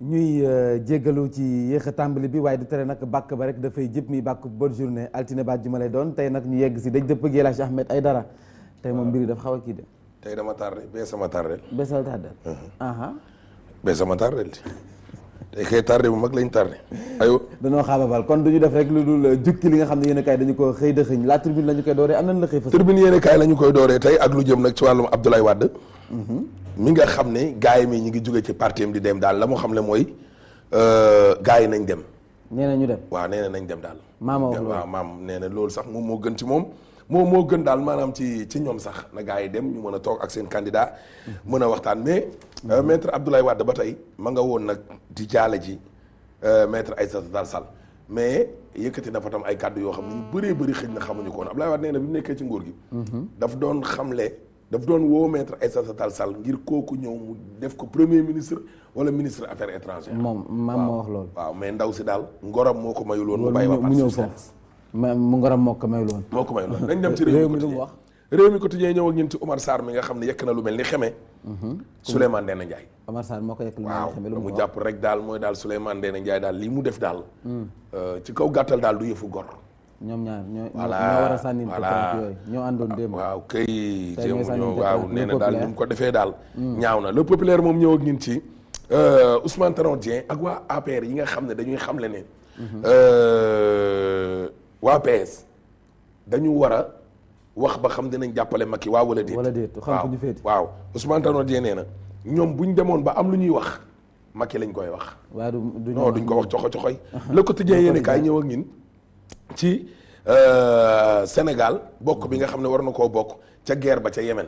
ñuy euh, jéggalu ci yéex a tàmbali bi waaye du tere nag bàkk ba rek dafay jëpp mi bàkk bonne journée altine baat ji ma lay doon tey nag ñu yegg si dañ dëpp ak El ay dara Aidara tey moom mbiri dafa xaw a kii de tey dama tardé sama tardé bee sama tardé aha bee sama tardé tey kay tardé bu mag lañ tardé ayo dañoo xaababal kon ñu def rek lu dul euh, jukki li nga xam ne yéen a kaay dañu ko xëy da xëñ la tribune la ñu koy dooree am nañ la xëy fa tribune yéen a kaay la ñu koy dooree tey ak lu jëm nag ci wàllum Abdoulaye Wade mi nga xam ne gars yi mi ñu ngi jóge ci parti di dem daal la mu xam ne mooy euh, gars yi nañ dem. nee ñu dem waaw nee na nañ dem daal. maama wax maam nee na loolu sax moom moo gën ci moom. moom moo gën daal maanaam ci ci ñoom sax na gaa yi dem ñu mën a toog ak seen candidat. mën a waxtaan mais. Euh, maître Abdoulaye Wade ba tey ma nga woon nag di jaale ji euh, metre ay Aïssata Tall Sall mais yëkkati na fa tam ay kàddu yoo xam ne ñu bëree bëri xëy na xamuñu ko woon Abdoulaye Wade nee na bi nekkee ci nguur gi. Mhm. daf daf doon woo maître Aïssata Tall Sall ngir kooku ñëw mu def ko premier ministre wala ministre affaire étrangères. moom maam moo wax loolu. mais ndaw si daal. ngorom moo ko mayul woon. mu bàyyi mu ñëw foofu mu ngoram moo ko mayul woon. moo ko mayul woon dañ dem ci réew mi wax. réew mi quotidien ñëw ak ñun ci Omar Sarr mi nga xam ne yekk na lu mel ni xeme. Mhm. Souleymane Ndéné Ndiaye. Omar Sarr moo ko yekk lu mel ni xeme lu mu jàpp rek daal mooy daal Souleymane Ndéné Ndiaye daal lii mu def daal. Mm. Euh, ci kaw gàttal daal du yëfu gor. ñoom ñaar ñoo ñoo war a sànni tànk yooyu ñoo àndoon démb waaw kay jéem ñoo waaw nee na daal ni mu ko defee daal ñaaw na le populaire moom ñëw ak ñun ci euh, Ousmane Tanor Dieng ak waa APR yi nga xam ne dañuy xamle ne mhm. euh, waa PS dañu war wax ba xam dinañ jàppale Macky waaw wala déet wala déet xam ko ñu féeti waaw Ousmane Tanor Dieng nee na ñoom buñ demoon ba am lu ñuy wax Macky lañ koy wax waaw duñ ko wax coxo coxoy le quotidien yéen kaay ñëw ak ñun ci euh, Sénégal bokk bi nga xam ne war na koo bokk ca guerre ba ca Yémen.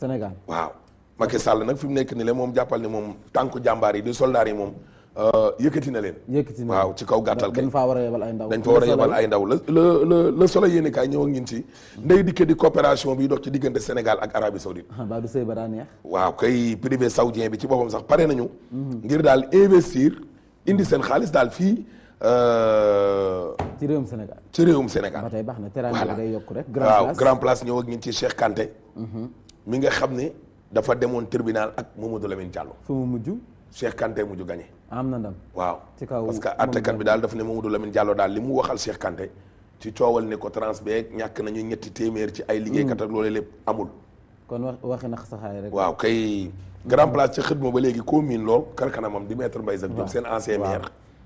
Sénégal waaw. Macky sàll nag fi mu nekk ni le moom jàppal ni moom tànku jàmbaar yi di soldaar yi moom euh, yëkkati na leen. yëkkati na waaw ci kaw gàttal kay dañ faa war a yebal ay ndaw. dañ fa war a yebal ay ndaw la la la solo yéen kaay ñëw ak ñun ci. ndey dikke di coopération bi dox ci diggante Sénégal ak Arabie Saoudite. Ah, ba du sëy ba daa neex. waaw kay privé saoudien bi ci boppam sax pare nañu. Mhm. ngir daal investir indi seen xaalis daal fii. Euh, ci réewum Sénégal ci réewum Sénégal. ba tey baax na teraanga day yokk rek. grand place waaw grand place ñëw ak ñun ci Cheikh Kanté. Mhm. mi nga xam ne dafa demoon tribunal ak Mamadou Lamine Diallo. fu mu mujj. Cheikh Kanté mujj gagné. am na ndam waaw. ci kaw parce que àttekat bi daal daf ne Mamadou Lamine Diallo daal li mu waxal Cheikh Kanté. ci coowal ne ko trans beek ñàkk nañu ñetti téeméer ci ay. liggéeykat ak mm. loolu lépp amul. kon wax waxi nax saxaay rek. waaw kay. grand mm. place ci xët ma ba léegi ko miin lool kar kanamam di maître Mbaye seen ancien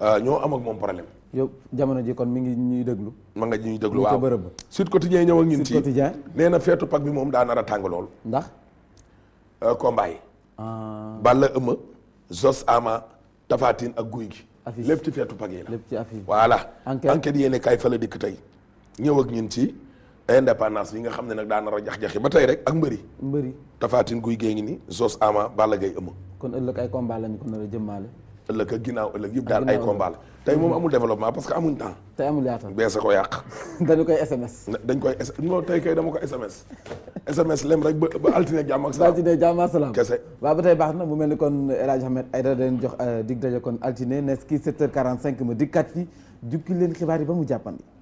Euh, ñoo am ak moom problème. yow jamono ji kon mi ngi ñuy déglu. ma nga ñuy déglu waaw bërëb. Sud Quotidien ñëw ak ñun ci Sud Quotidien nee na feetu pak bi moom daa nar tàng lool. ndax. Euh, combat yi. Ah. Balla Ëmma Zos Ama tafaatin ak Guy gi. lépp ci feetu pak yi la ci affiche voilà. enquête yéene kaay la dikk tey. ñëw ñun ci indépendance yi nga xam ne nag daa nar a jax-jaxi tey rek ak mbëri. mbëri Tafatine Guy gee ngi ni Zos Ama Balla Gaye Ëmma. kon ëllëg ay combat lañu ko nar a jëmmaale. ëllëg ak ginnaaw ëllëg yëpp daal ay combat la moom amul développement parce que amuñ temps tey amul a ko yàq dañu koy sms lem rek ba altine jàmm salaam kese waaw ba tey baax na mu mel ni kon El Hadj Ahmed Aïdara jox euh, dig daje kon altine nes ki 7h45 ma dikkat yi jukki leen xibaar yi ba mu jàppandi